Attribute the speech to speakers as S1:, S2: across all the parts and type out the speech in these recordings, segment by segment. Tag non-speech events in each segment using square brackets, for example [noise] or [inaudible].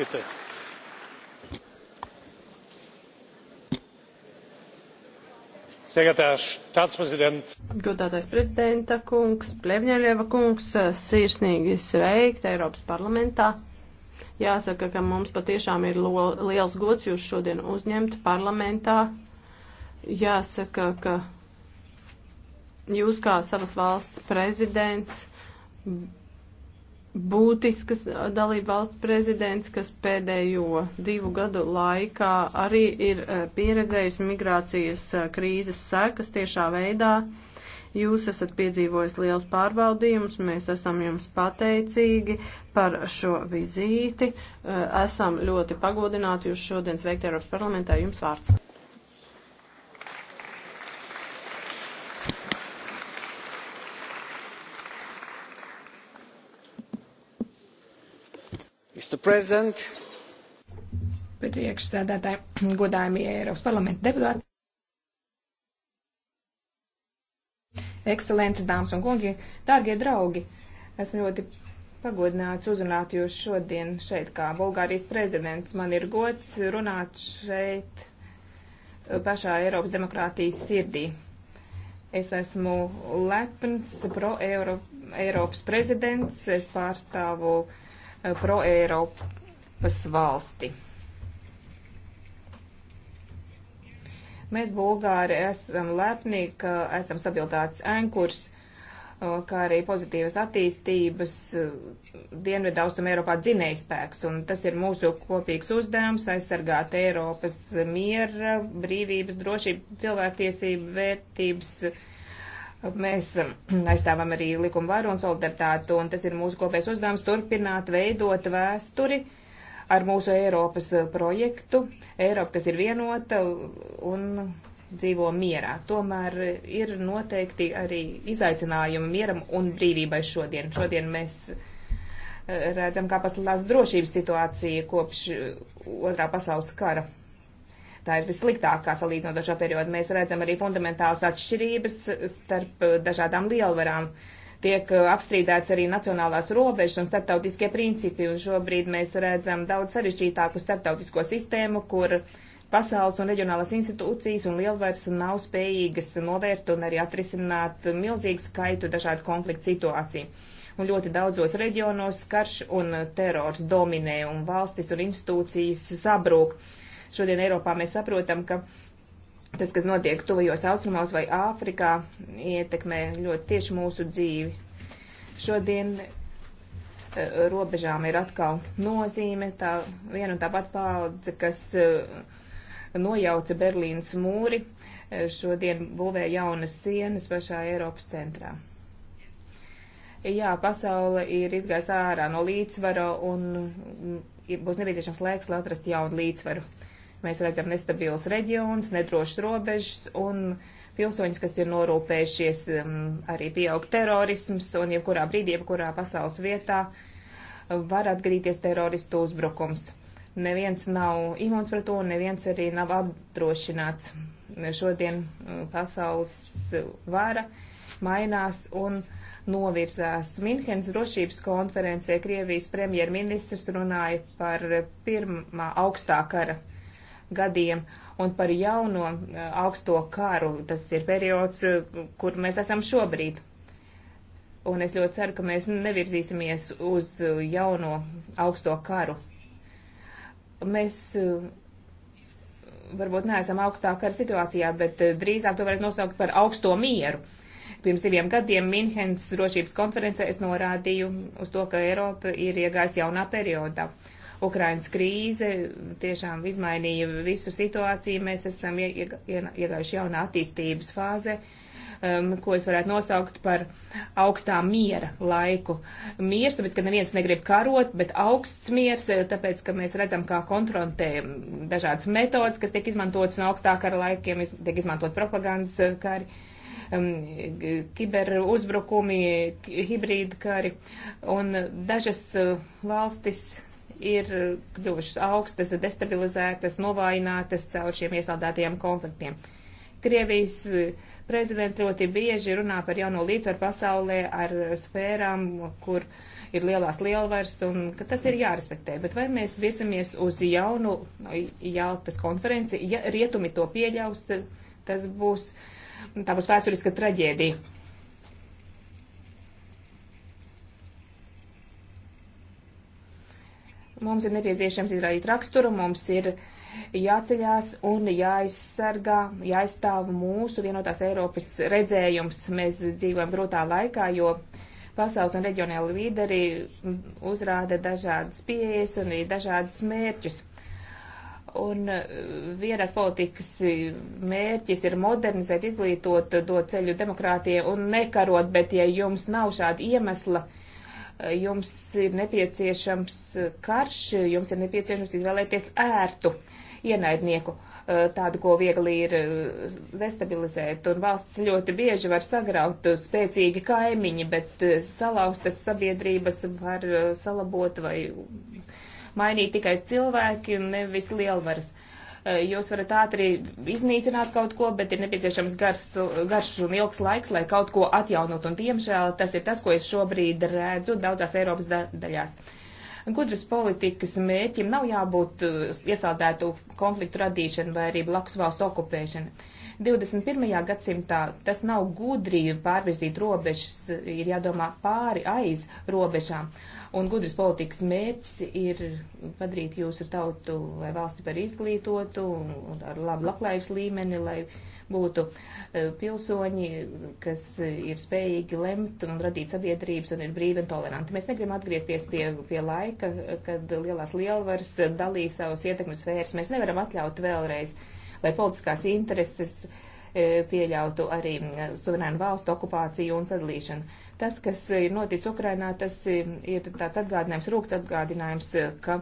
S1: bitte. Sehr geehrter Herr Staatspräsident! Godātais prezidenta kungs, Plevņēļieva kungs, sirsnīgi sveikt Eiropas parlamentā. Jāsaka, ka mums patiešām ir liels gods jūs šodien uzņemt parlamentā. Jāsaka, ka jūs kā savas valsts prezidents būtiskas dalība valsts prezidents, kas pēdējo divu gadu laikā arī ir pieredzējusi migrācijas krīzes sekas tiešā veidā. Jūs esat piedzīvojis liels pārbaudījums, mēs esam jums pateicīgi par šo vizīti, esam ļoti pagodināti jūs šodien sveikt Eiropas parlamentā, jums vārds. Priekšsēdētāji,
S2: godājumie Eiropas parlamenta deputāti, ekscelences, dāmas un kungi, dārgie draugi, esmu ļoti pagodināts uzrunāt jūs šodien šeit kā Bulgārijas prezidents. Man ir gods runāt šeit pašā Eiropas demokrātijas sirdī. Es esmu lepns pro-Eiropas prezidents, es pārstāvu uh, Eh, pro-Eiropas valsti. Mēs, Bulgāri, esam lepni, ka esam stabilitātes ankurs, eh, kā arī pozitīvas attīstības eh, Dienvidaustrum Eiropā dzinējspēks, un tas ir mūsu kopīgs uzdevums aizsargāt Eiropas miera, brīvības, drošību, cilvēktiesību, vērtības Mēs um, [clears throat] aizstāvam arī likumu varu un solidaritātu, un tas ir mūsu kopējs uzdevums turpināt veidot vēsturi ar mūsu Eiropas uh, projektu. Eiropa, kas ir vienota un dzīvo mierā. Tomēr ir noteikti arī izaicinājumi mieram un brīvībai šodien. Šodien mēs uh, redzam, kā pasliktinās drošības situācija kopš uh, otrā pasaules kara tā ir vissliktākā salīdzinot ar šo periodu. Mēs redzam arī fundamentālas atšķirības starp eh, dažādām lielvarām. Tiek eh, apstrīdēts arī nacionālās robežas un starptautiskie principi, un šobrīd mēs redzam daudz sarežģītāku starptautisko sistēmu, kur pasaules un reģionālās institūcijas un lielvaras nav spējīgas novērst un arī atrisināt milzīgu skaitu dažādu konfliktu situāciju. Un ļoti daudzos reģionos karš un eh, terors dominē un valstis un institūcijas sabrūk. Šodien Eiropā mēs saprotam, ka tas, kas notiek tuvajos austrumos vai Āfrikā, ietekmē ļoti tieši mūsu dzīvi. Šodien eh, robežām ir atkal nozīme, tā viena un tā pat paudze, kas eh, nojauca Berlīnas mūri, eh, šodien būvē jaunas sienas pašā Eiropas centrā. Jā, pasaule ir izgājis ārā no līdzsvara un mm, būs nepieciešams laiks, lai atrastu jaunu līdzsvaru. Uh, Mēs redzam nestabils reģions, nedrošas robežas un pilsoņus, kas ir norūpējušies um, arī pieaug terorisms un jebkurā brīdī, jebkurā pasaules vietā var atgrīties teroristu uzbrukums. Neviens nav imūns pret to, neviens arī nav apdrošināts. Šodien uh, pasaules vara mainās un novirzās. Minhenes drošības konferencē Krievijas premjerministrs runāja par pirmā augstā kara gadiem un par jauno eh, augsto karu. Tas ir periods, eh, kur mēs esam šobrīd. Un es ļoti ceru, ka mēs nevirzīsimies uz eh, jauno augsto karu. Mēs varbūt neesam augstā kara situācijā, bet drīzāk to varētu nosaukt par augsto mieru. Pirms diviem gadiem Minhenes drošības konferencē es norādīju uz to, ka Eiropa ir iegājusi jaunā periodā. Uh, Ukrainas krīze tiešām izmainīja visu situāciju. Mēs esam iegājuši jaunā attīstības fāze, um, ko es varētu nosaukt par augstā miera laiku. Miers, tāpēc, ka neviens negrib karot, bet augsts miers, eh, tāpēc, ka mēs redzam, kā konfrontē dažādas metodas, kas tiek izmantotas no augstākā kara laikiem, tiek izmantot propagandas eh, kari um, kiberuzbrukumi, hibrīdkari, un dažas eh, valstis ir kļuvušas augstas, destabilizētas, novājinātas caur šiem iesaldētajiem konfliktiem. Krievijas eh, prezidents ļoti bieži runā par jauno līdzsvaru pasaulē ar eh, sfērām, kur ir lielās lielvars, un ka tas ir jārespektē. Bet vai mēs virzamies uz jaunu Jaltas konferenci, ja rietumi to pieļaus, tas būs, tā būs vēsturiska traģēdija. Mums ir nepieciešams izrādīt raksturu, mums ir jāceļās un jāaizsargā, jāaizstāv mūsu vienotās Eiropas redzējums. Mēs dzīvojam grūtā laikā, jo pasaules un reģionāli līderi uzrāda dažādas pieejas un arī dažādas mērķus. Un uh, vienās politikas mērķis ir modernizēt, izglītot, dot ceļu demokrātie un nekarot, bet ja jums nav šāda iemesla, uh, jums ir nepieciešams karš, jums ir nepieciešams izvēlēties ērtu ienaidnieku, eh, tādu, ko viegli ir eh, destabilizēt, un valsts ļoti bieži var sagraut spēcīgi kaimiņi, bet eh, salauztas sabiedrības var salabot vai mainīt tikai cilvēki un nevis lielvaras. Eh, jūs varat ātri iznīcināt kaut ko, bet ir nepieciešams gars, garš un ilgs laiks, lai kaut ko atjaunot. Un, diemžēl, tas ir tas, ko es šobrīd redzu daudzās Eiropas da daļās gudras politikas mērķim nav jābūt eh, iesaldētu konfliktu radīšana vai arī blakus valstu okupēšana. 21. gadsimtā tas nav gudri pārvirzīt robežas, ir jādomā pāri aiz robežām. Uh, Un gudras politikas mērķis ir padarīt jūsu tautu vai valsti par izglītotu un ar labu labklājības līmeni, lai būtu eh, pilsoņi, kas ir spējīgi lemt un radīt sabiedrības un ir brīvi un toleranti. Mēs negribam atgriezties pie, pie laika, kad lielās lielvaras dalīja savus ietekmes sfēras. Mēs nevaram atļaut vēlreiz, lai politiskās intereses eh, pieļautu arī eh, suverēnu valstu okupāciju un sadalīšanu. Tas, kas ir noticis Ukrainā, tas ir, ir tāds atgādinājums, rūkts atgādinājums, ka,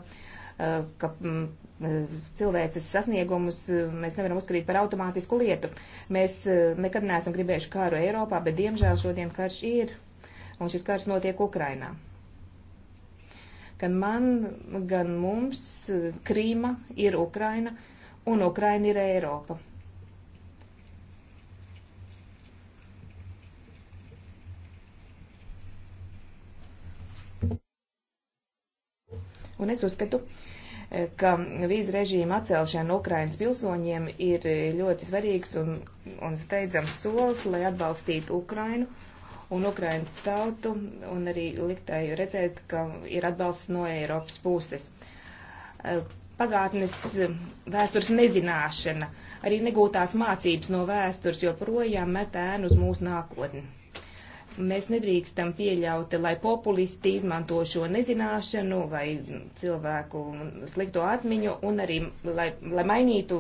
S2: ka mm, cilvēces sasniegumus mm, mēs nevaram uzskatīt par automātisku lietu. Mēs mm, nekad neesam gribējuši kāru Eiropā, bet diemžēl šodien karš ir, un šis karš notiek Ukrainā. Gan man, gan mums Krīma ir Ukraina, un Ukraina ir Eiropa. Un es uzskatu, eh, ka vīzu režīma atcelšana Ukrainas pilsoņiem ir ļoti svarīgs un, un steidzams solis, lai atbalstītu Ukrainu un Ukrainas tautu un arī liktēju redzēt, ka ir atbalsts no Eiropas puses. Eh, pagātnes vēstures nezināšana, arī negūtās mācības no vēstures joprojām met ēnu uz mūsu nākotni. Mēs nedrīkstam pieļaut, lai populisti izmanto šo nezināšanu vai cilvēku slikto atmiņu un arī, lai, lai mainītu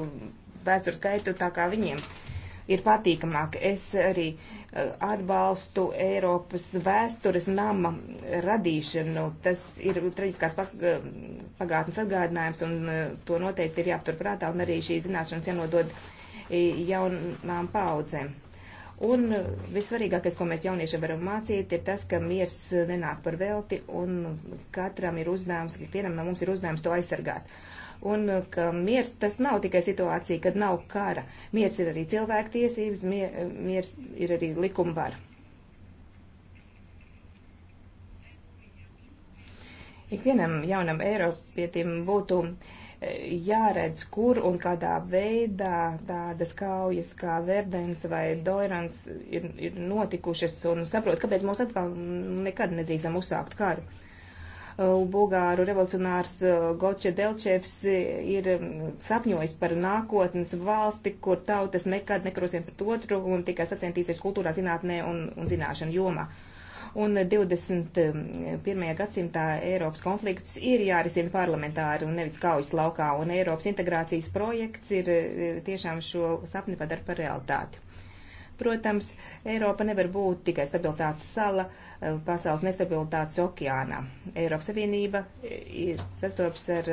S2: vēstures skaitu tā kā viņiem ir patīkamāk. Es arī eh, atbalstu Eiropas vēstures nama radīšanu. Tas ir traģiskās pagātnes atgādinājums, un eh, to noteikti ir jāpaturprātā, un arī šīs zināšanas jānodod eh, jaunām paudzēm. Un vissvarīgākais, ko mēs jauniešiem varam mācīt, ir tas, ka miers nenāk par velti un katram ir uzdevums, ikvienam no mums ir uzdevums to aizsargāt. Un ka miers tas nav tikai situācija, kad nav kara. Miers ir arī cilvēktiesības, miers ir arī likumvara. Ikvienam jaunam Eiropietim būtu uh, jāredz, kur un kādā veidā tādas kaujas kā Verdens vai Doirans ir, ir notikušas un saprot, kāpēc mums atkal nekad nedrīkstam uzsākt karu. Bulgāru revolucionārs uh, Goče Delčevs uh, ir um, sapņojis par nākotnes valsti, kur tautas nekad nekarosiem pret otru un tikai sacentīsies kultūrā, zinātnē un, un zināšanu jomā. Uh, un 21. gadsimtā Eiropas konflikts ir jārisina parlamentāri un nevis kaujas laukā, un Eiropas integrācijas projekts ir eh, tiešām šo sapni padara par realitāti. Protams, Eiropa nevar būt tikai stabilitātes sala eh, pasaules nestabilitātes okeānā. Eiropas Savienība eh, ir sastopas ar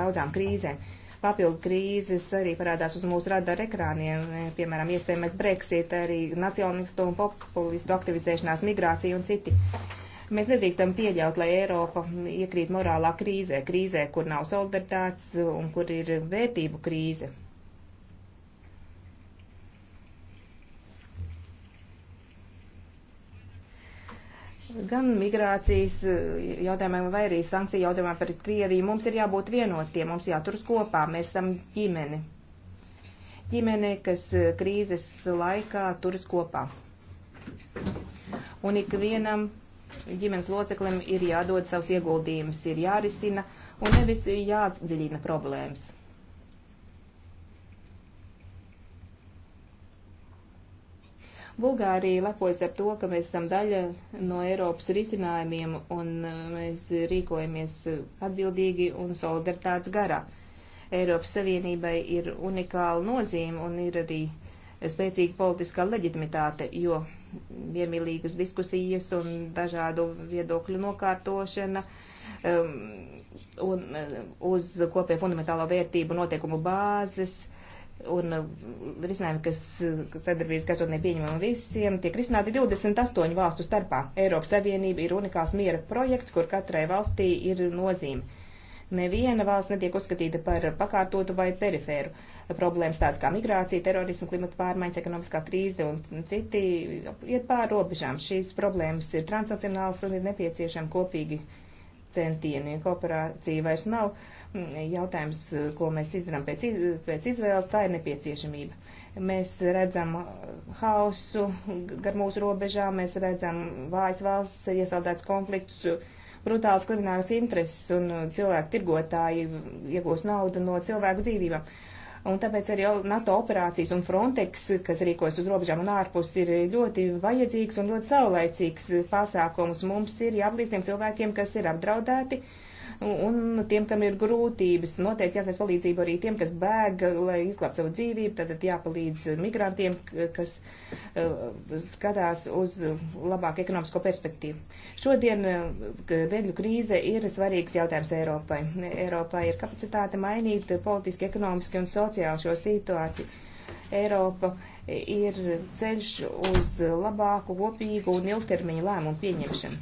S2: daudzām krīzēm papildu krīzes arī parādās uz mūsu radara ekrāniem, piemēram, iespējamais Brexit, arī nacionalistu un populistu aktivizēšanās, migrācija un citi. Mēs nedrīkstam pieļaut, lai Eiropa iekrīt morālā krīzē, krīzē, kur nav solidaritātes un kur ir vērtību krīze. gan migrācijas eh, jautājumiem, vai arī sankciju jautājumā pret Krieviju. Mums ir jābūt vienotiem, mums jāturas kopā, mēs esam ģimene. Ģimene, kas eh, krīzes laikā turas kopā. Un ikvienam ģimenes loceklim ir jādod savs ieguldījums, ir jārisina un nevis jādziļina problēmas. Bulgārija lepojas ar to, ka mēs esam daļa no Eiropas risinājumiem un uh, mēs rīkojamies uh, atbildīgi un solidaritātes garā. Eiropas Savienībai ir unikāla nozīme un ir arī spēcīga politiskā leģitimitāte, jo vienmīlīgas diskusijas un dažādu viedokļu nokārtošana um, un uh, uz kopēju fundamentālo vērtību notiekumu bāzes uh, un uh, risinājumi, kas sadarbības gaisotnē pieņemam visiem, tiek risināti 28 valstu starpā. Eiropas Savienība ir unikāls miera projekts, kur katrai valstī ir nozīme. Neviena valsts netiek uzskatīta par pakārtotu vai perifēru. Problēmas tādas kā migrācija, terorismu, klimata pārmaiņas, ekonomiskā krīze un citi iet pāri robežām. Šīs problēmas ir transnacionālas un ir nepieciešami kopīgi centieni. Kooperācija vairs nav. Uh, jautājums, ko mēs izdarām pēc, pēc izvēles, tā ir nepieciešamība. Mēs redzam hausu gar mūsu robežām, mēs redzam vājas valsts iesaldēts konflikts, brutāls krimināls intereses un cilvēku tirgotāji iegūs naudu no cilvēku dzīvībām. Un tāpēc arī NATO operācijas un Frontex, kas rīkojas uz robežām un ārpus, ir ļoti vajadzīgs un ļoti saulaicīgs pasākums. Mums ir jābūt tiem cilvēkiem, kas ir apdraudēti. Uh, un tiem, kam ir grūtības. Noteikti jāsniedz palīdzību arī tiem, kas bēg, lai izglābtu savu dzīvību. Tad jāpalīdz migrantiem, kas uh, skatās uz labāku ekonomisko perspektīvu. Šodien uh, bēgļu krīze ir svarīgs jautājums Eiropai. Eiropai ir kapacitāte mainīt politiski, ekonomiski un sociāli šo situāciju. Eiropa ir ceļš uz labāku, kopīgu un ilgtermiņu lēmumu pieņemšanu.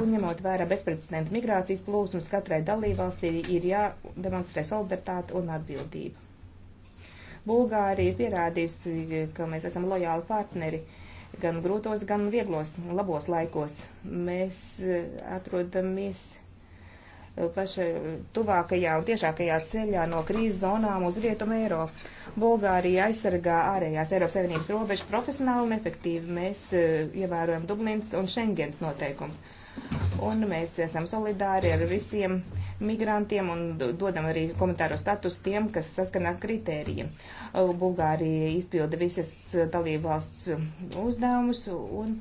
S2: Un ņemot vērā bezprecedenta migrācijas plūsmas, katrai dalībvalstī ir jādemonstrē solidaritāte un atbildība. Bulgārija ir pierādījusi, ka mēs esam lojāli partneri gan grūtos, gan vieglos, labos laikos. Mēs atrodamies pašai tuvākajā un tiešākajā ceļā no krīzes zonām uz Rietumu Eiropu. Bulgārija aizsargā ārējās Eiropas Savienības robežas profesionāli un efektīvi. Mēs eh, ievērojam Dublins un Schengens noteikums. Un mēs esam solidāri ar visiem migrantiem un dodam arī komentāro status tiem, kas saskanā kritērijiem. Bulgārija izpilda visas dalībvalsts uzdevumus un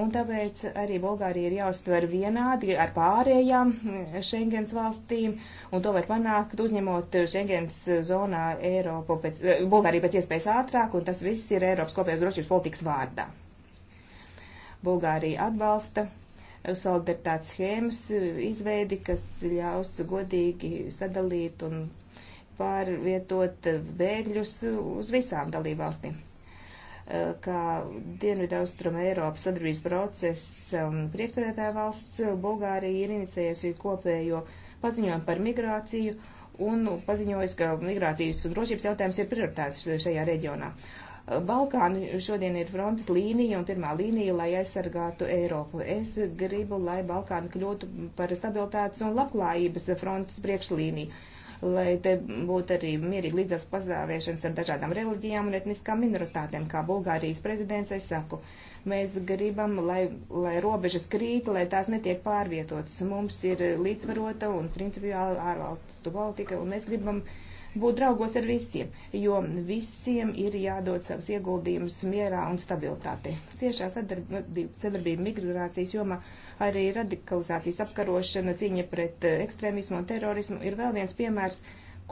S2: un tāpēc arī Bulgārija ir jāuztver vienādi ar pārējām eh, Schengens valstīm, un to var panākt uzņemot Schengens zonā Eiropu pēc, eh, Bulgāriju pēc iespējas ātrāk, un tas viss ir Eiropas kopējās drošības politikas vārdā. Bulgārija atbalsta solidaritātes schēmas eh, izveidi, kas ļaus godīgi sadalīt un pārvietot bēgļus uz visām dalībvalstīm kā Dienvidaustruma Eiropas sadarbības procesa um, priekšstādētāja valsts, Bulgārija ir inicējusi kopējo paziņojumu par migrāciju un paziņojusi, ka migrācijas un drošības jautājums ir prioritāts šajā reģionā. Balkāni šodien ir frontes līnija un pirmā līnija, lai aizsargātu Eiropu. Es gribu, lai Balkāni kļūtu par stabilitātes un labklājības frontes priekšlīniju lai te būtu arī mierīgi līdzās pastāvēšanas ar dažādām reliģijām un etniskām minoritātēm, kā Bulgārijas prezidents, es saku. Mēs gribam, lai, lai robežas krīt, lai tās netiek pārvietotas. Mums ir līdzvarota un principiāli ārvalstu politika, un mēs gribam būt draugos ar visiem, jo visiem ir jādod savus ieguldījumus mierā un stabilitātei. Ciešā sadarbība, sadarbība migrācijas jomā. Uh, Arī radikalizācijas apkarošana, cīņa pret eh, ekstrēmismu un terorismu ir vēl viens piemērs,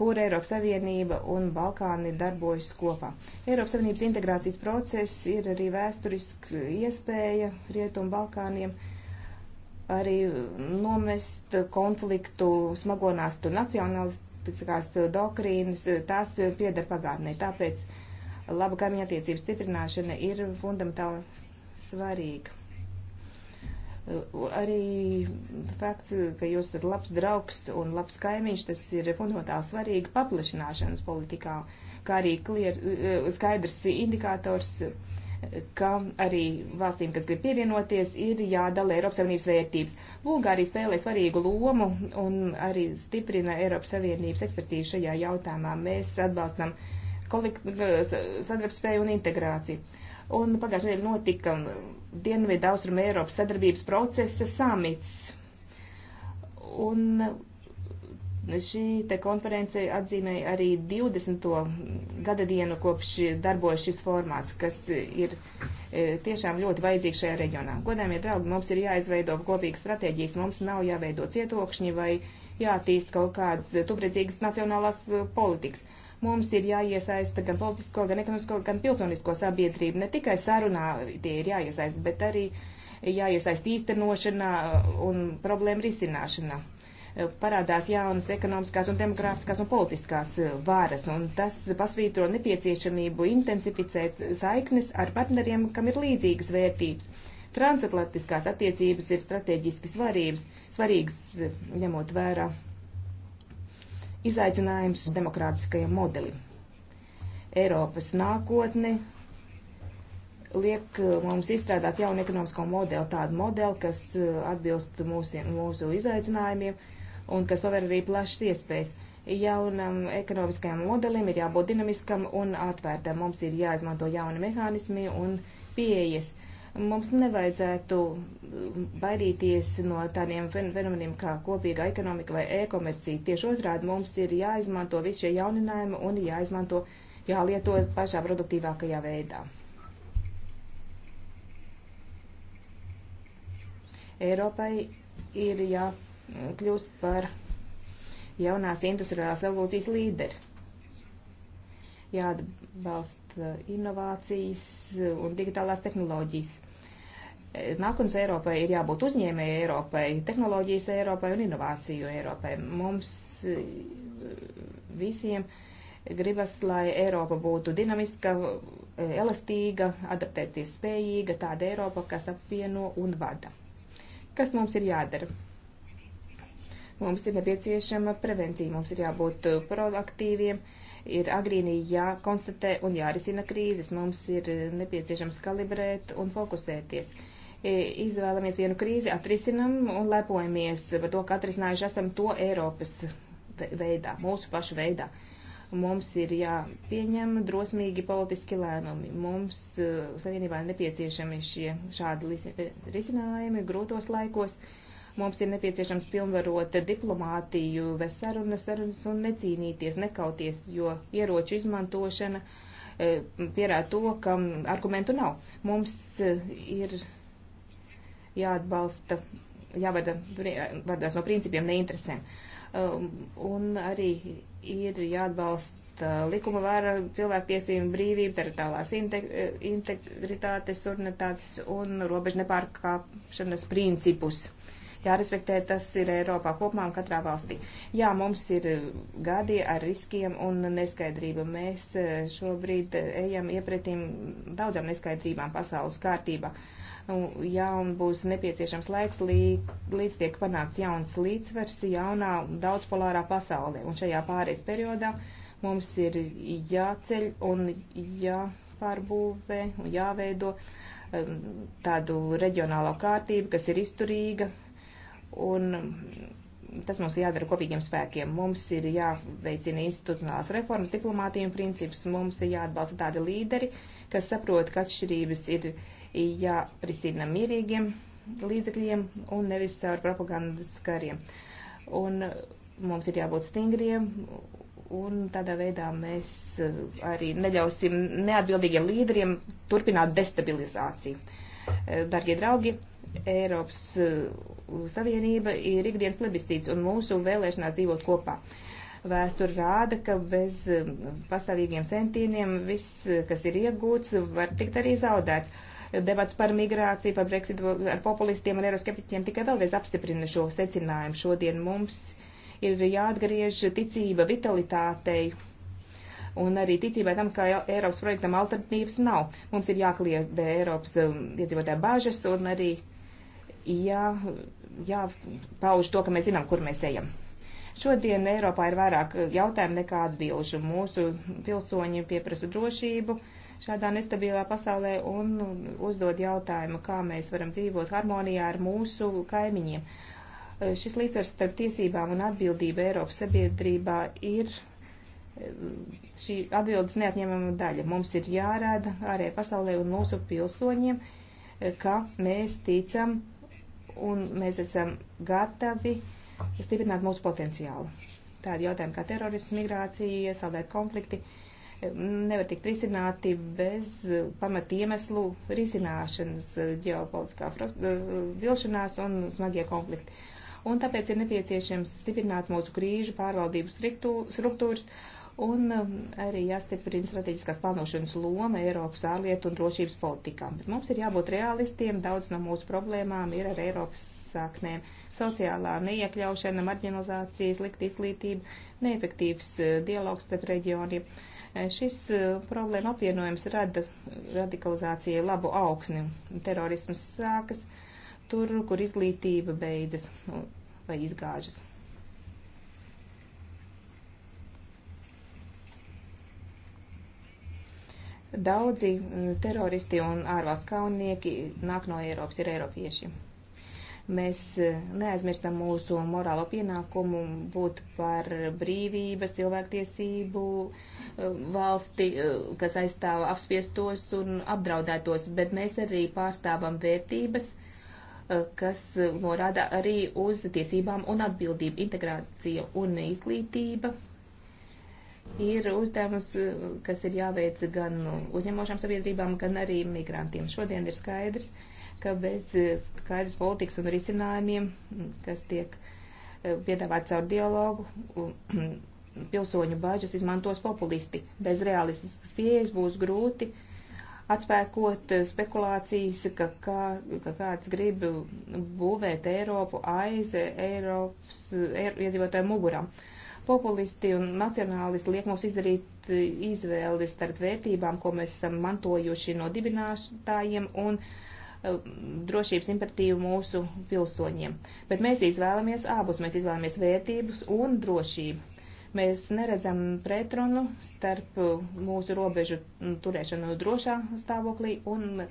S2: kur Eiropas Savienība un Balkāni darbojas kopā. Eiropas Savienības integrācijas process ir arī vēsturisks iespēja Rietumu Balkāniem arī nomest konfliktu smagonās nacionālistiskās doktrīnas, tās pieder pagātnē. Tāpēc laba kaimiņa attiecības stiprināšana ir fundamentāli svarīga arī fakts, ka jūs esat labs draugs un labs kaimiņš, tas ir fundamentāli svarīgi paplašināšanas politikā, kā arī klier, eh, skaidrs indikators, ka arī valstīm, kas grib pievienoties, ir jādala Eiropas Savienības vērtības. Bulgārija spēlē svarīgu lomu un arī stiprina Eiropas Savienības ekspertīzi šajā jautājumā. Mēs atbalstam sadarbspēju un integrāciju Un pagājušajā nedēļā notika um, Dienvidu Austrum Eiropas sadarbības procesa samits. Un uh, šī te konference atzīmēja arī 20. gada dienu kopš darbojas šis formāts, kas ir e, tiešām ļoti vajadzīgs šajā reģionā. Godājumie draugi, mums ir jāizveido kopīgas stratēģijas, mums nav jāveido cietokšņi vai jātīst kaut kādas tuvredzīgas nacionālās e, politikas Mums ir jāiesaista gan politisko, gan ekonomisko, gan pilsonisko sabiedrību. Ne tikai sarunā tie ir jāiesaista, bet arī jāiesaista īstenošanā uh, un problēmu risināšanā. Uh, parādās jaunas ekonomiskās un demokrātiskās un politiskās uh, vāras, un tas pasvītro nepieciešamību intensificēt saiknes ar partneriem, kam ir līdzīgas vērtības. Transatlantiskās attiecības ir strateģiski svarības, svarīgas, ņemot vērā izaicinājums demokrātiskajam modelim. Eiropas nākotne liek eh, mums izstrādāt jaunu ekonomisko modeli, tādu modeli, kas eh, atbilst mūsu, mūsu izaicinājumiem un kas paver arī plašas iespējas. Jaunam ekonomiskajam modelim ir jābūt dinamiskam un atvērtam. Mums ir jāizmanto jauni mehānismi un pieejas. Uh, Mums nevajadzētu um, baidīties no tādiem fenomeniem kā kopīga ekonomika vai e-komercija. Tieši otrādi mums ir jāizmanto visi šie jauninājumi un jāizmanto, jālieto pašā produktīvākajā veidā. Eiropai ir jākļūst par jaunās industriālās evolūcijas līderi. Jāatbalsta inovācijas un digitālās tehnoloģijas. Nākotnes Eiropai ir jābūt uzņēmēju Eiropai, tehnoloģijas Eiropai un inovāciju Eiropai. Mums eh, visiem gribas, lai Eiropa būtu dinamiska, eh, elastīga, adaptēties spējīga, tāda Eiropa, kas apvieno un vada. Kas mums ir jādara? Mums ir nepieciešama prevencija, mums ir jābūt proaktīviem, ir agrīnī jākonstatē un jārisina krīzes, mums ir nepieciešams kalibrēt un fokusēties. E, izvēlamies vienu krīzi, atrisinam un lepojamies par to, ka atrisinājuši esam to Eiropas veidā, mūsu pašu veidā. Mums ir jāpieņem drosmīgi politiski lēmumi. Mums uh, savienībā ir nepieciešami šie šādi e, risinājumi grūtos laikos. Mums ir nepieciešams pilnvarot diplomātiju, vest sarunas, sarunas un necīnīties, nekauties, jo ieroču izmantošana uh, pierāda to, ka argumentu nav. Mums uh, ir jāatbalsta, jāvada vadās no principiem, ne interesēm. Um, un arī ir jāatbalsta likuma vara, cilvēktiesību brīvība, teritoriālās integritātes, urnitātes un robežu nepārkāpšanas principus jārespektē, tas ir Eiropā kopumā un katrā valstī. Jā, mums ir gadi ar riskiem un neskaidrību. Mēs eh, šobrīd eh, ejam iepretim daudzām neskaidrībām pasaules kārtībā. Uh, Nu, jaun būs nepieciešams laiks, līdz tiek panākts jauns līdzsvers jaunā daudzpolārā pasaulē. Un šajā pārejas periodā mums ir jāceļ un jāpārbūvē un jāveido um, tādu reģionālo kārtību, kas ir izturīga. Un tas mums jādara kopīgiem spēkiem. Mums ir jāveicina institucionālās reformas, diplomātija un princips. Mums ir jāatbalsta tādi līderi, kas saprot, ka atšķirības ir jārisina mierīgiem līdzekļiem un nevis caur propagandas kariem. Un mums ir jābūt stingriem, un tādā veidā mēs eh, arī neļausim neatbildīgiem līderiem turpināt destabilizāciju. Eh, Dargie draugi, Eiropas eh, Savienība ir ikdienas plebiscīts un mūsu vēlēšanās dzīvot kopā. Vēsture rāda, ka bez pastāvīgiem centieniem viss, kas ir iegūts, var tikt arī zaudēts debats par migrāciju, par Brexit, ar populistiem un eiroskeptiķiem tikai vēlreiz apstiprina šo secinājumu. Šodien mums ir jāatgriež ticība vitalitātei. Un arī ticībai tam, ka Eiropas projektam alternatīvas nav. Mums ir jākliedē Eiropas um, iedzīvotāju bāžas un arī jā, jāpauž to, ka mēs zinām, kur mēs ejam. Šodien Eiropā ir vairāk jautājumu nekā atbilžu. Mūsu pilsoņi pieprasa drošību, uh, šādā nestabilā pasaulē un uzdod jautājumu, kā mēs varam dzīvot harmonijā ar mūsu kaimiņiem. Eh, šis līdzsvars starp tiesībām un atbildību Eiropas sabiedrībā ir eh, šī atbildes neatņemama daļa. Mums ir jārāda ārējai pasaulē un mūsu pilsoņiem, eh, ka mēs ticam un mēs esam gatavi stiprināt mūsu potenciālu. Tādi jautājumi kā terorisms, migrācija, iesaldēt konflikti. Uh, nevar tikt risināti bez pamata iemeslu risināšanas, ģeopolitiskā vilšanās un smagie konflikti. Un tāpēc ir nepieciešams stiprināt mūsu krīžu pārvaldības struktūras un um, arī jāstiprina strateģiskās plānošanas loma Eiropas ārlietu un drošības politikām. Bet mums ir jābūt realistiem, daudz no mūsu problēmām ir ar Eiropas saknēm - sociālā neiekļaušana, marginalizācija, slikta izglītība, neefektīvs uh, dialogs starp reģioniem. Ja Šis problēma apvienojums rada radikalizācijai labu augsni. Terorisms sākas tur, kur izglītība beidzas vai nu, izgāžas. Daudzi teroristi un ārvalstu kaunieki nāk no Eiropas, ir eiropieši. Mēs eh, neaizmirstam mūsu morālo pienākumu būt par brīvības, cilvēktiesību eh, valsti, eh, kas aizstāv apspiestos un apdraudētos, bet mēs arī pārstāvam vērtības, kas norāda arī uz tiesībām un atbildību, integrācija un izglītība, ir uzdevums, kas ir jāveic gan uzņemošām sabiedrībām, gan arī migrantiem. Šodien ir skaidrs, ka ka bez eh, skaidras politikas un risinājumiem, kas tiek eh, piedāvāts caur dialogu, [clears throat] pilsoņu bažas izmantos populisti. Bez realistiskas pieejas būs grūti atspēkot eh, spekulācijas, ka, kā, ka kāds grib būvēt Eiropu aiz Eiropas Eiro, iedzīvotāju muguram. Populisti un nacionālisti liek mums izdarīt izvēli starp vērtībām, ko mēs esam mantojuši no dibinātājiem un uh, Eh, drošības imperatīvu mūsu pilsoņiem. Bet mēs izvēlamies abus, mēs izvēlamies vērtības un drošību. Mēs neredzam pretrunu starp eh, mūsu robežu mm, turēšanu drošā stāvoklī un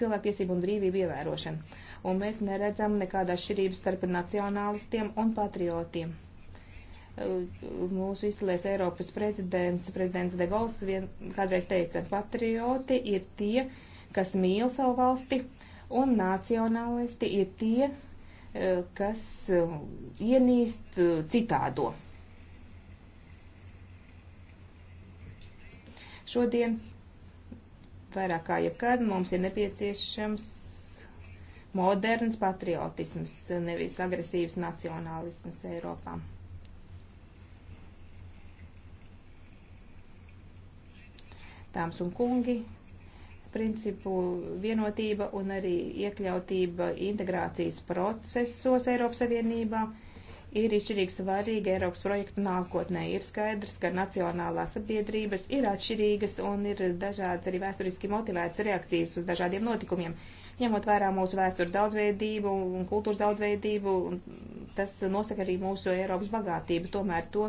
S2: cilvēktiesību un brīvību ievērošanu. Un mēs neredzam nekādā šķirības starp nacionālistiem un patriotiem. Eh, mūsu izcilies Eiropas prezidents, prezidents De Gauls vien, kādreiz teica, patrioti ir tie, kas mīl savu valsti, uh, un nacionālisti ir tie, eh, kas eh, ienīst eh, citādo. Šodien vairāk kā jebkad mums ir nepieciešams moderns patriotisms, nevis agresīvs nacionālisms Eiropā. Tāms un kungi, principu vienotība un arī iekļautība integrācijas procesos Eiropas Savienībā ir izšķirīgi svarīga Eiropas projektu nākotnē. Ir skaidrs, ka nacionālās sabiedrības ir atšķirīgas un ir dažādas arī vēsturiski motivētas reakcijas uz dažādiem notikumiem. Ņemot vērā mūsu vēstures daudzveidību un kultūras daudzveidību, tas nosaka arī mūsu Eiropas bagātību. Tomēr to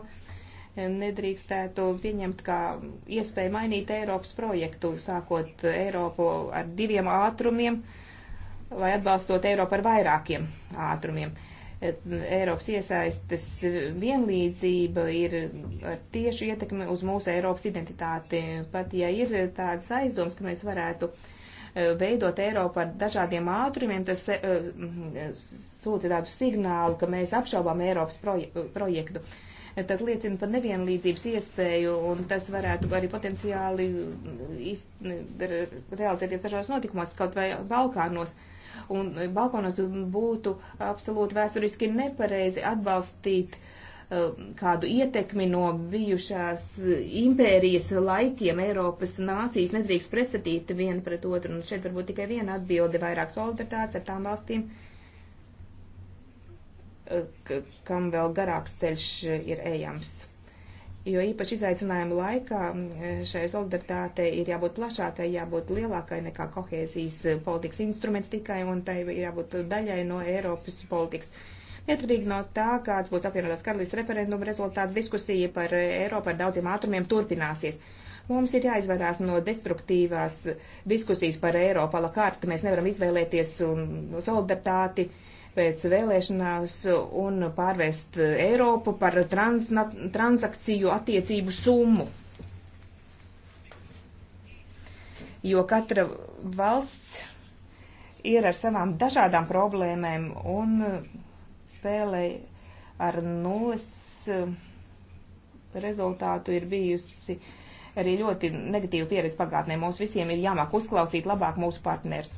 S2: nedrīkstētu pieņemt kā iespēju mainīt Eiropas projektu, sākot Eiropu ar diviem ātrumiem vai atbalstot Eiropu ar vairākiem ātrumiem. Eiropas iesaistes vienlīdzība ir tieši ietekme uz mūsu Eiropas identitāti. Pat ja ir tāds aizdoms, ka mēs varētu e, veidot Eiropu ar dažādiem ātrumiem, tas e, sūta tādu signālu, ka mēs apšaubām Eiropas projektu Tas liecina par nevienlīdzības iespēju, un tas varētu arī potenciāli realizēties dažos notikumos, kaut vai Balkānos. Un Balkānos būtu absolūti vēsturiski nepareizi atbalstīt um, kādu ietekmi no bijušās impērijas laikiem Eiropas nācijas nedrīkst pretstatīt viena pret otru. Un šeit varbūt tikai viena atbilde - vairāk solidaritātes ar tām valstīm, uh, kam vēl garāks ceļš ir ejams. Jo īpaši izaicinājuma laikā šai solidaritātei ir jābūt plašākai, jābūt lielākai nekā kohēzijas politikas instruments tikai, un tai ir jābūt daļai no Eiropas politikas. Neatkarīgi no tā, kāds būs apvienotās karalīs referenduma rezultāts, diskusija par Eiropu ar daudziem ātrumiem turpināsies mums ir jāizvairās no destruktīvās diskusijas par Eiropu. Lakārt, mēs nevaram izvēlēties um, solidaritāti pēc vēlēšanās un pārvest Eiropu par transna, transakciju attiecību summu. Jo katra valsts ir ar savām dažādām problēmēm un spēlē ar nulles eh, rezultātu ir bijusi arī ļoti negatīva pieredze pagātnē. Mums visiem ir jāmāk uzklausīt labāk mūsu partners.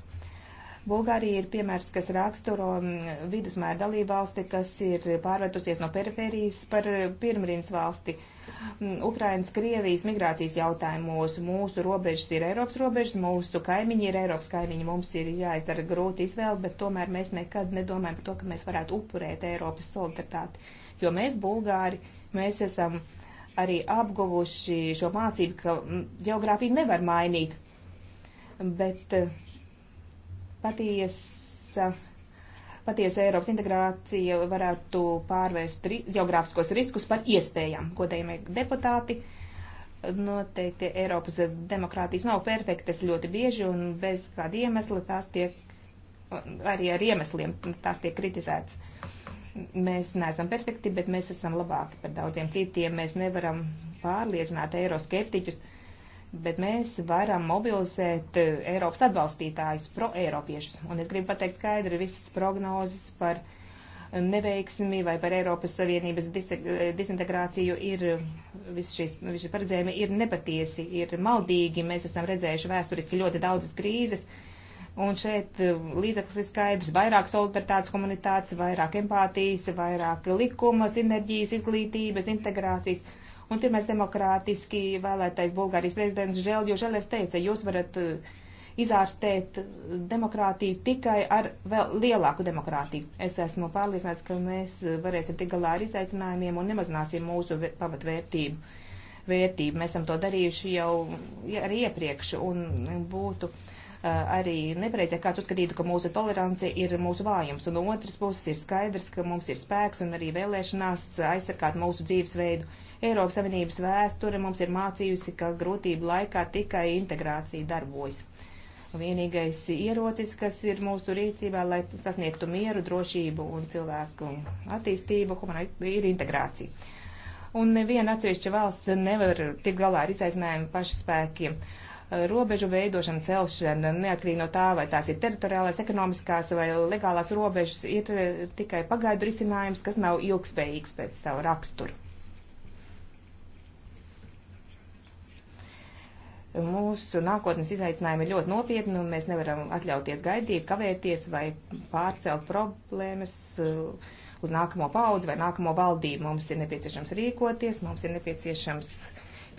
S2: Bulgārija ir piemērs, kas raksturo mm, vidusmēra dalībvalsti, kas ir pārvērtusies no perifērijas par pirmrins valsti. Mm, Ukrainas, Krievijas migrācijas jautājumos mūsu robežas ir Eiropas robežas, mūsu kaimiņi ir Eiropas kaimiņi, mums ir jāizdara grūti izvēle, bet tomēr mēs nekad nedomājam par to, ka mēs varētu upurēt Eiropas solidaritāti, jo mēs, Bulgāri, mēs esam arī apguvuši šo mācību, ka mm, geogrāfiju nevar mainīt, bet uh, patiesa, patiesa Eiropas integrācija varētu pārvērst ri, geogrāfiskos riskus par iespējām, godējumie deputāti. Noteikti Eiropas demokrātijas nav perfektas ļoti bieži un bez kāda iemesla tās tiek, arī ar iemesliem tās tiek kritizētas mēs neesam perfekti, bet mēs esam labāki par daudziem citiem. Mēs nevaram pārliecināt eiroskeptiķus. Uh, bet mēs varam mobilizēt eh, Eiropas atbalstītājus, pro-eiropiešus. Un es gribu pateikt skaidri visas prognozes par neveiksmi vai par Eiropas Savienības eh, disintegrāciju ir, eh, visi šīs, visi paredzējumi ir nepatiesi, ir maldīgi. Mēs esam redzējuši vēsturiski ļoti daudzas krīzes. Un šeit līdzeklis ir skaidrs - vairāk solidaritātes komunitātes, vairāk empātijas, vairāk likuma, sinerģijas, izglītības, integrācijas Un pirmais demokrātiski vēlētais Bulgārijas prezidents Žēlju Žēlēs teica, jūs varat eh, izārstēt demokrātiju tikai ar vēl lielāku demokrātiju. Es esmu pārliecināts, ka mēs varēsim tik galā ar izaicinājumiem un nemazināsim mūsu pamatvērtību. Vērtību. Mēs esam to darījuši jau arī iepriekš un būtu eh, arī nepareizi, ja kāds uzskatītu, ka mūsu tolerance ir mūsu vājums, un no otras puses ir skaidrs, ka mums ir spēks un arī vēlēšanās aizsargāt mūsu dzīvesveidu. Eiropas Savienības vēsture mums ir mācījusi, ka grūtību laikā tikai integrācija darbojas. Vienīgais ierocis, kas ir mūsu rīcībā, lai sasniegtu mieru, drošību un cilvēku attīstību, ir integrācija. Un neviena atsevišķa valsts nevar tikt galā ar izaicinājumu pašu spēkiem robežu veidošana, celšana, neatkarīgi no tā, vai tās ir teritoriālās, ekonomiskās vai legālās robežas, ir tikai pagaidu risinājums, kas nav ilgspējīgs pēc savu raksturu. Mūsu nākotnes izaicinājumi ir ļoti nopietni, un mēs nevaram atļauties gaidīt, kavēties vai pārcelt problēmas uh, uz nākamo paudzi vai nākamo valdību. Mums ir nepieciešams rīkoties, mums ir nepieciešams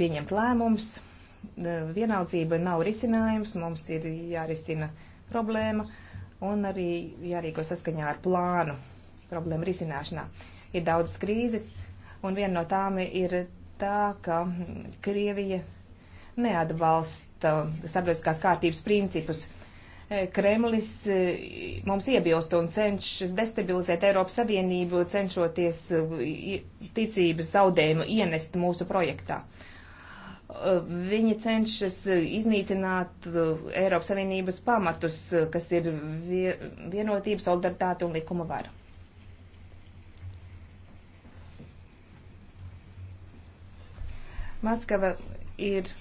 S2: pieņemt lēmumus. Uh, vienaldzība nav risinājums, mums ir jārisina problēma un arī jārīko saskaņā ar plānu problēmu risināšanā. Ir daudz krīzes, un viena no tām ir tā, ka Krievija neatbalsta sabiedriskās kārtības principus. Eh, Kremlis eh, mums iebilst un cenšas destabilizēt Eiropas Savienību, cenšoties eh, ticības zaudējumu ienest mūsu projektā. Viņi cenšas iznīcināt Eiropas Savienības pamatus, kas ir vienotība, solidaritāte un likuma vara. Maskava ir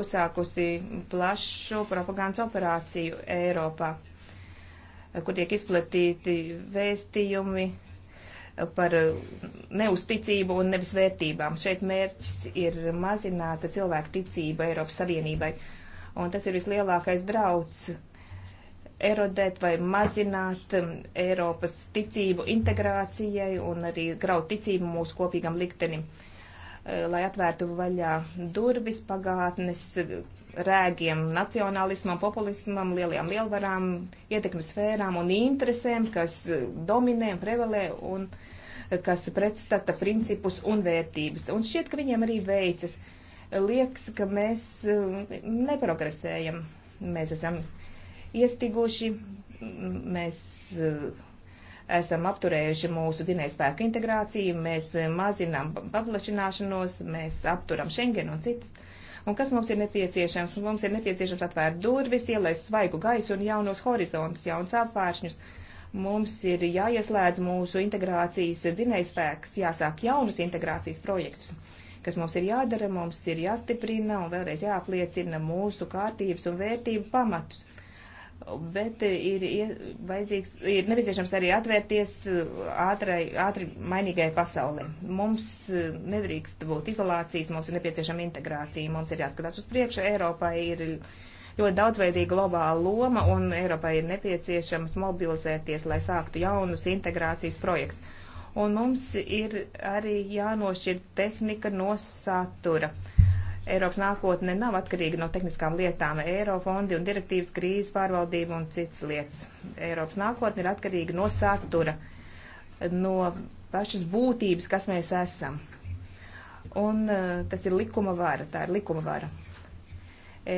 S2: uzsākusi plašu propagandas operāciju Eiropā, kur tiek izplatīti vēstījumi par neusticību un nevis vērtībām. Šeit mērķis ir mazināta cilvēku ticība Eiropas Savienībai. Un tas ir vislielākais drauds erodēt vai mazināt Eiropas ticību integrācijai un arī graut ticību mūsu kopīgam liktenim. Uh, Eh, lai atvērtu vaļā durvis pagātnes rēgiem, nacionālismam, populismam, lielajām lielvarām, ietekmes sfērām un interesēm, kas eh, dominē un prevalē un eh, kas pretstata principus un vērtības. Un šķiet, ka viņiem arī veicas. Liekas, ka mēs neprogresējam. Mēs esam iestiguši, mēs esam apturējuši mūsu dzinējspēku integrāciju, mēs mazinām paplašināšanos, mēs apturam Schengen un citas. Un kas mums ir nepieciešams? Mums ir nepieciešams atvērt durvis, ielaist svaigu gaisu un jaunos horizontus, jauns apvēršņus. Mums ir jāieslēdz mūsu integrācijas dzinējspēks, jāsāk jaunus integrācijas projektus kas mums ir jādara, mums ir jāstiprina un vēlreiz jāapliecina mūsu kārtības un vērtību pamatus bet ir, vajadzīgs, ir nepieciešams arī atvērties uh, ātrai, ātri mainīgai pasaulē. Mums uh, nedrīkst būt izolācijas, mums ir nepieciešama integrācija, mums ir jāskatās uz priekšu. Eiropai ir ļoti daudzveidīga globāla loma, un Eiropai ir nepieciešams mobilizēties, lai sāktu jaunus integrācijas projektus. Un mums ir arī jānošķir tehnika no satura. Uh, Eiropas nākotne nav atkarīga no tehniskām lietām, eirofondi un direktīvas krīzes pārvaldība un citas lietas. Eiropas nākotne ir atkarīga no satura, no pašas būtības, kas mēs esam. Un eh, tas ir likuma vara, tā ir likuma vara.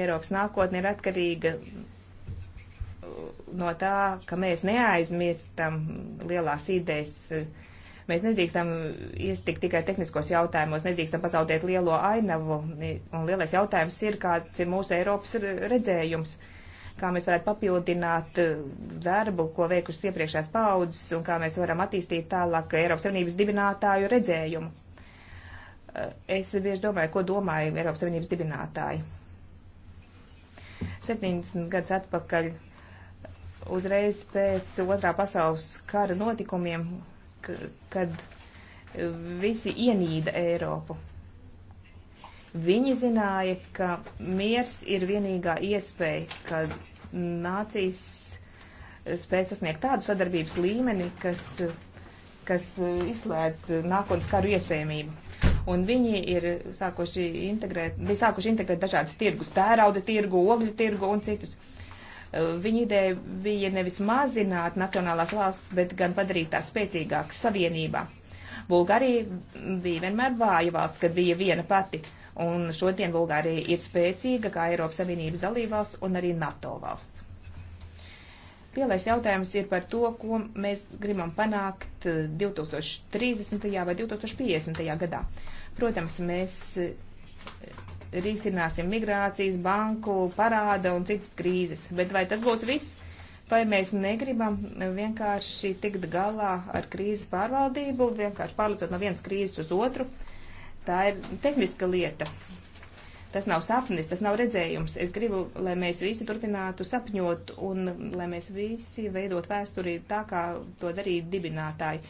S2: Eiropas nākotne ir atkarīga eh, no tā, ka mēs neaizmirstam lielās idejas eh, Mēs nedrīkstam iestikt tikai tehniskos jautājumos, nedrīkstam pazaudēt lielo ainavu. Un lielais jautājums ir, kāds ir mūsu Eiropas redzējums, kā mēs varētu papildināt eh, darbu, ko veikušas iepriekšējās paudzes, un kā mēs varam attīstīt tālāk Eiropas Savienības dibinātāju redzējumu. Eh, es bieži domāju, ko domāju Eiropas Savienības dibinātāji. 70 gadus atpakaļ, uzreiz pēc otrā pasaules kara notikumiem, kad visi ienīda Eiropu. Viņi zināja, ka miers ir vienīgā iespēja, ka nācijas spēj sasniegt tādu sadarbības līmeni, kas, kas izslēdz nākotnes karu iespējamību. Un viņi ir sākuši integrēt, viņi sākuši integrēt dažādas tirgus, tērauda tirgu, ogļu tirgu un citus. Uh, Viņa ideja bija nevis mazināt nacionālās valsts, bet gan padarīt tās spēcīgākas savienībā. Bulgārija bija vienmēr vāja valsts, kad bija viena pati, un šodien Bulgārija ir spēcīga kā Eiropas Savienības dalībvalsts un arī NATO valsts. Lielais jautājums ir par to, ko mēs gribam panākt 2030. vai 2050. gadā. Protams, mēs risināsim migrācijas, banku, parāda un citas krīzes. Bet vai tas būs viss? Vai mēs negribam vienkārši tikt galā ar krīzes pārvaldību, vienkārši pārlicot no vienas krīzes uz otru? Tā ir tehniska lieta. Tas nav sapnis, tas nav redzējums. Es gribu, lai mēs visi turpinātu sapņot un lai mēs visi veidot vēsturi tā, kā to darīja dibinātāji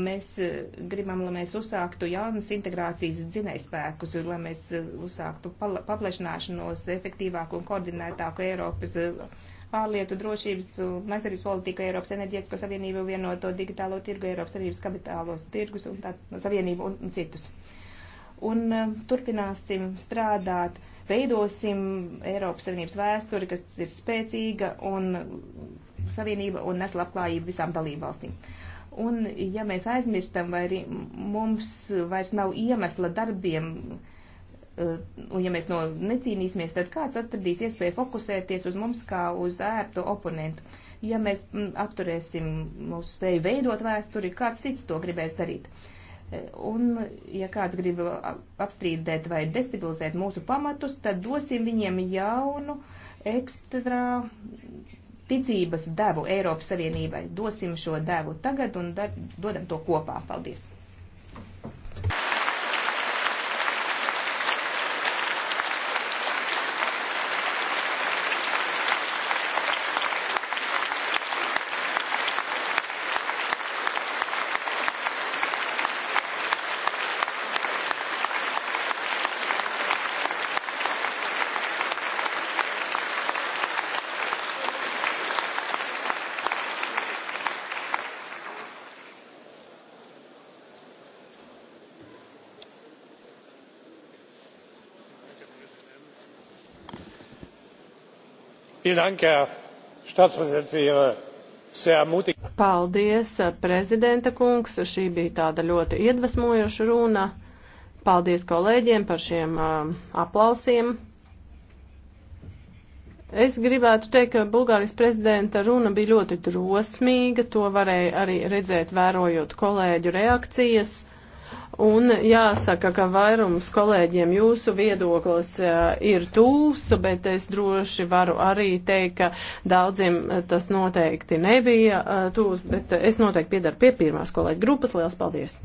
S2: Mēs e, gribam, lai mēs uzsāktu jaunas integrācijas dzinējspēkus, lai mēs e, uzsāktu paplašināšanos efektīvāku un koordinētāku Eiropas e, ārlietu drošības un aizsardzības politika Eiropas enerģētisko savienību, vienoto digitālo tirgu, Eiropas savienības kapitālos tirgus un tāds savienību un citus. Un turpināsim strādāt, veidosim Eiropas savienības vēsturi, kas ir spēcīga un savienība un nes labklājību visām dalībvalstīm. Un, ja mēs aizmirstam, vai arī mums vairs nav iemesla darbiem, uh, un ja mēs no necīnīsimies, tad kāds atradīs iespēju fokusēties uz mums kā uz ērtu oponentu. Ja mēs mm, apturēsim mūsu spēju veidot vēsturi, kāds cits to gribēs darīt. Uh, un, ja kāds grib apstrīdēt vai destabilizēt mūsu pamatus, tad dosim viņiem jaunu, ekstra ticības devu Eiropas Savienībai. Dosim šo devu tagad un dar, dodam to kopā. Paldies!
S1: Vielen Dank, Herr Staatspräsident, für Ihre sehr ermutigende. Paldies, prezidenta kungs. Šī bija tāda ļoti iedvesmojoša runa. Paldies kolēģiem par šiem uh, aplausiem. Es gribētu teikt, ka Bulgārijas prezidenta runa bija ļoti drosmīga, to varēja arī redzēt, vērojot kolēģu reakcijas. Un jāsaka, ka vairums kolēģiem jūsu viedoklis e, ir tūs, bet es droši varu arī teikt, ka daudziem e, tas noteikti nebija e, tūs, bet es noteikti piedaru pie pirmās kolēģa grupas. Lielas paldies!